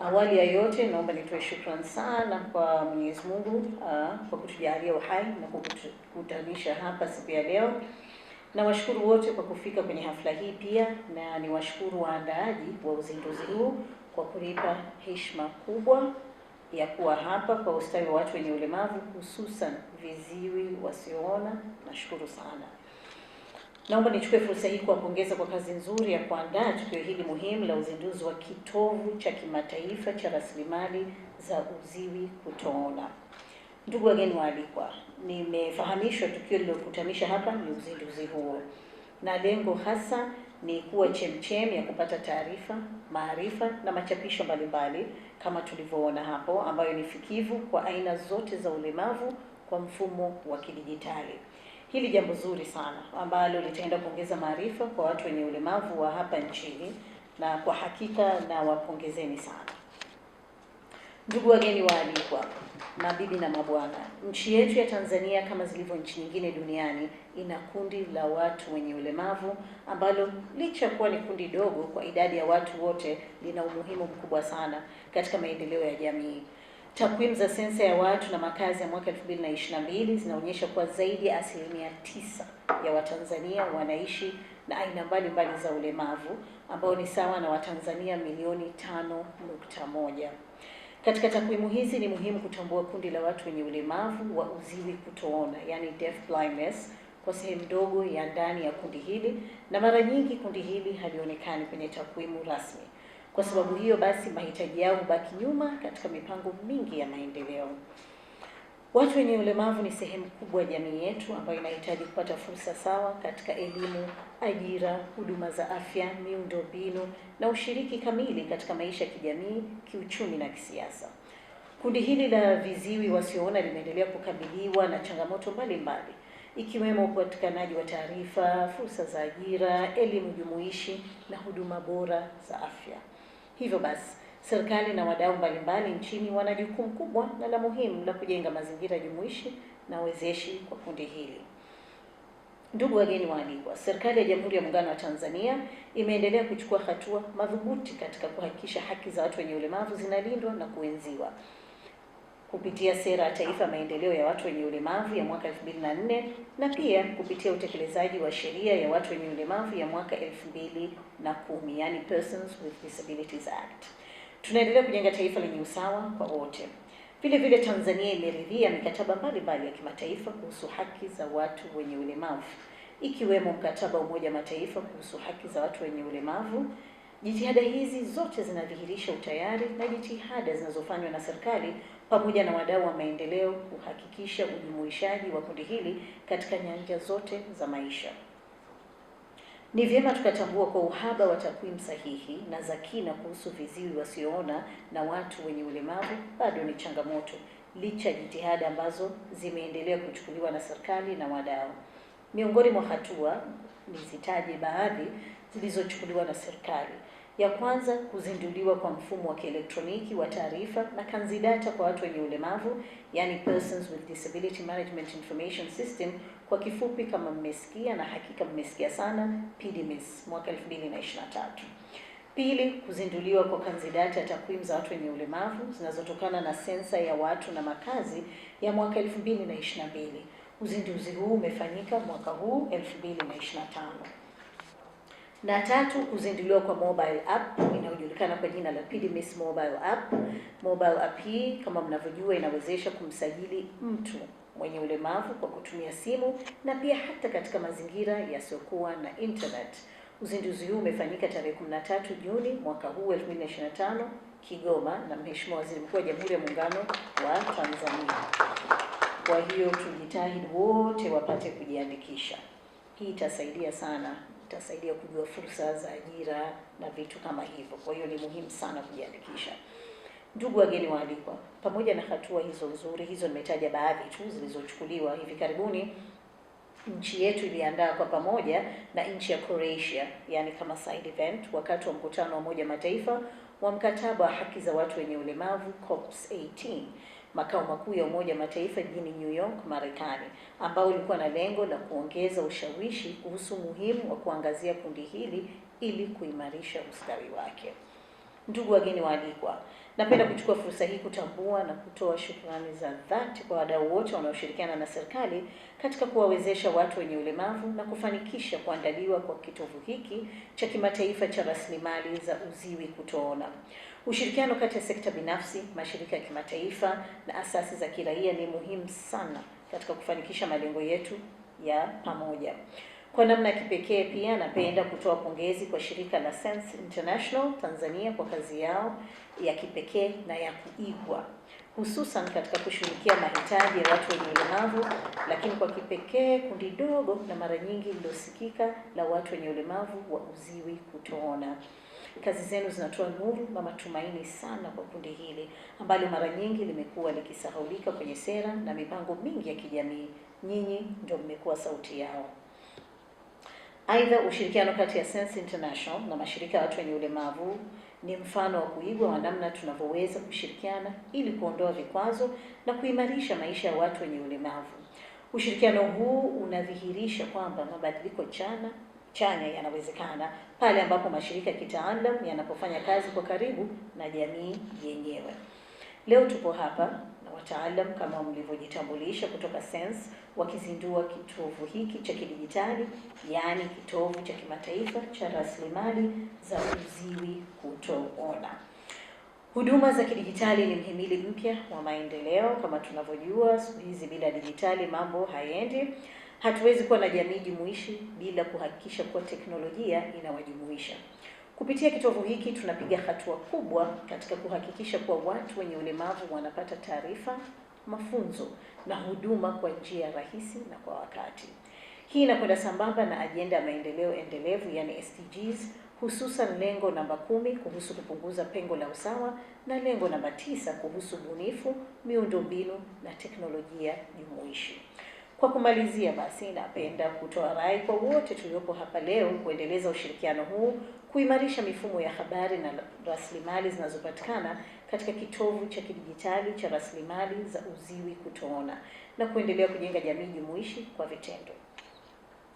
Awali ya yote naomba nitoe shukrani sana kwa Mwenyezi Mungu ah, kwa kutujalia uhai na kukutanisha hapa siku ya leo. Nawashukuru wote kwa kufika kwenye hafla hii pia, na niwashukuru waandaaji wa uzinduzi huu kwa kunipa heshima kubwa ya kuwa hapa kwa ustawi wa watu wenye ulemavu, hususan viziwi wasioona. Nashukuru sana. Naomba nichukue fursa hii kuwapongeza kwa kazi nzuri ya kuandaa tukio hili muhimu la uzinduzi wa kitovu cha kimataifa cha rasilimali za uziwi kutoona. Ndugu wageni waalikwa, nimefahamishwa tukio lililokutanisha hapa ni uzinduzi huo, na lengo hasa ni kuwa chemchem ya kupata taarifa, maarifa na machapisho mbalimbali kama tulivyoona hapo, ambayo ni fikivu kwa aina zote za ulemavu kwa mfumo wa kidijitali hili jambo zuri sana ambalo litaenda kuongeza maarifa kwa watu wenye ulemavu wa hapa nchini, na kwa hakika na wapongezeni sana. Ndugu wageni waalikwa, mabibi na mabwana, nchi yetu ya Tanzania kama zilivyo nchi nyingine duniani ina kundi la watu wenye ulemavu ambalo licha ya kuwa ni kundi dogo kwa idadi ya watu wote, lina umuhimu mkubwa sana katika maendeleo ya jamii. Takwimu za sensa ya watu na makazi ya mwaka 2022 zinaonyesha kuwa zaidi ya asilimia tisa ya Watanzania wanaishi na aina mbalimbali za ulemavu ambao ni sawa na Watanzania milioni 5.1. Katika takwimu hizi ni muhimu kutambua kundi la watu wenye ulemavu wa uziwi kutoona, yani deaf blindness, kwa sehemu ndogo ya ndani ya kundi hili, na mara nyingi kundi hili halionekani kwenye takwimu rasmi. Kwa sababu hiyo basi, mahitaji yao hubaki nyuma katika mipango mingi ya maendeleo. Watu wenye ulemavu ni sehemu kubwa ya jamii yetu ambayo inahitaji kupata fursa sawa katika elimu, ajira, huduma za afya, miundombinu na ushiriki kamili katika maisha ya kijamii, kiuchumi na kisiasa. Kundi hili la viziwi wasioona limeendelea kukabiliwa na changamoto mbalimbali ikiwemo upatikanaji wa taarifa, fursa za ajira, elimu jumuishi na huduma bora za afya. Hivyo basi serikali na wadau mbalimbali nchini wana jukumu kubwa na la muhimu la kujenga mazingira jumuishi na wezeshi kwa kundi hili. Ndugu wageni waalikwa, serikali ya Jamhuri ya Muungano wa Tanzania imeendelea kuchukua hatua madhubuti katika kuhakikisha haki za watu wenye ulemavu zinalindwa na kuenziwa kupitia sera ya taifa maendeleo ya watu wenye ulemavu ya mwaka 2004 na pia kupitia utekelezaji wa sheria ya watu wenye ulemavu ya mwaka 2010, yani Persons with Disabilities Act. Tunaendelea kujenga taifa lenye usawa kwa wote. Vile vile Tanzania imeridhia mikataba mbalimbali ya kimataifa kuhusu haki za watu wenye ulemavu ikiwemo mkataba wa Umoja Mataifa kuhusu haki za watu wenye ulemavu. Jitihada hizi zote zinadhihirisha utayari na jitihada zinazofanywa na serikali pamoja na wadau wa maendeleo kuhakikisha ujumuishaji wa kundi hili katika nyanja zote za maisha. Ni vyema tukatambua kwa uhaba wa takwimu sahihi na za kina kuhusu viziwi wasioona na watu wenye ulemavu bado ni changamoto, licha jitihada ambazo zimeendelea kuchukuliwa na serikali na wadau. Miongoni mwa hatua nizitaje baadhi zilizochukuliwa na serikali ya kwanza kuzinduliwa kwa mfumo wa kielektroniki wa taarifa na kanzidata kwa watu wenye ulemavu, yani persons with disability management information system, kwa kifupi kama mmesikia, na hakika mmesikia sana, PDMIS mwaka 2023. Pili, kuzinduliwa kwa kanzidata ya takwimu za watu wenye ulemavu zinazotokana na sensa ya watu na makazi ya mwaka 2022. Uzinduzi huu umefanyika mwaka huu 2025 na tatu, kuzinduliwa kwa mobile app inayojulikana kwa jina la PDMIS mobile app. Mobile app hii kama mnavyojua, inawezesha kumsajili mtu mwenye ulemavu kwa kutumia simu na pia hata katika mazingira yasiyokuwa na internet. Uzinduzi huu umefanyika tarehe 13 Juni mwaka huu 2025 Kigoma na Mheshimiwa Waziri Mkuu wa Jamhuri ya Muungano wa Tanzania. Kwa hiyo tujitahidi wote wapate kujiandikisha, hii itasaidia sana itasaidia kujua fursa za ajira na vitu kama hivyo. Kwa hiyo ni muhimu sana kujiandikisha. Ndugu wageni waalikwa, pamoja na hatua hizo nzuri hizo, nimetaja baadhi tu zilizochukuliwa hivi karibuni. Nchi yetu iliandaa kwa pamoja na nchi ya Croatia, yani kama side event, wakati wa mkutano wa Umoja Mataifa wa mkataba wa haki za watu wenye ulemavu COP18 makao makuu ya Umoja wa Mataifa jijini New York, Marekani, ambao ulikuwa na lengo la kuongeza ushawishi kuhusu umuhimu wa kuangazia kundi hili ili kuimarisha ustawi wake. Ndugu wageni waalikwa, napenda kuchukua fursa hii kutambua na kutoa shukrani za dhati kwa wadau wote wanaoshirikiana na serikali katika kuwawezesha watu wenye ulemavu na kufanikisha kuandaliwa kwa kitovu hiki cha kimataifa cha rasilimali za uziwi kutoona. Ushirikiano kati ya sekta binafsi, mashirika ya kimataifa na asasi za kiraia ni muhimu sana katika kufanikisha malengo yetu ya pamoja. Kwa namna ya kipekee pia napenda kutoa pongezi kwa shirika la Sense International Tanzania kwa kazi yao ya kipekee na ya kuigwa, hususan katika kushughulikia mahitaji ya watu wenye ulemavu, lakini kwa kipekee kundi dogo na mara nyingi lilosikika la watu wenye ulemavu wa uziwi kutoona. Kazi zenu zinatoa nuru na matumaini sana kwa kundi hili ambalo mara nyingi limekuwa likisahaulika kwenye sera na mipango mingi ya kijamii. Nyinyi ndio mmekuwa sauti yao. Aidha, ushirikiano kati ya Sense International na mashirika ya watu wenye ulemavu ni mfano wa kuigwa wa namna tunavyoweza kushirikiana ili kuondoa vikwazo na kuimarisha maisha ya watu wenye ulemavu. Ushirikiano huu unadhihirisha kwamba mabadiliko chana chanya yanawezekana pale ambapo mashirika kitaalam yanapofanya kazi kwa karibu na jamii yenyewe. Leo tupo hapa na wataalam kama mlivyojitambulisha kutoka Sense wakizindua kitovu hiki cha kidijitali, yaani kitovu cha kimataifa cha rasilimali za uziwi kutoona. Huduma za kidijitali ni mhimili mpya wa maendeleo. Kama tunavyojua, siku hizi bila dijitali mambo hayaendi. Hatuwezi kuwa na jamii jumuishi bila kuhakikisha kuwa teknolojia inawajumuisha. Kupitia kitovu hiki tunapiga hatua kubwa katika kuhakikisha kuwa watu wenye ulemavu wanapata taarifa, mafunzo na huduma kwa njia rahisi na kwa wakati. Hii inakwenda sambamba na ajenda ya maendeleo endelevu yani SDGs, hususan lengo namba kumi kuhusu kupunguza pengo la usawa na lengo namba tisa kuhusu ubunifu, miundombinu na teknolojia jumuishi. Kwa kumalizia basi, napenda kutoa rai kwa wote tuliopo hapa leo kuendeleza ushirikiano huu, kuimarisha mifumo ya habari na rasilimali zinazopatikana katika kitovu cha kidijitali cha rasilimali za uziwi kutoona na kuendelea kujenga jamii jumuishi kwa vitendo.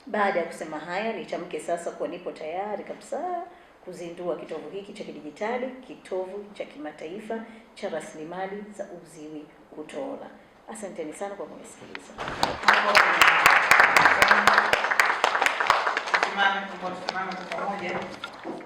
Baada ya kusema haya, nitamke sasa kuwa nipo tayari kabisa kuzindua kitovu hiki cha kidijitali, kitovu cha kimataifa cha rasilimali za uziwi kutoona. I sana kwa kunisikiliza. Tusimame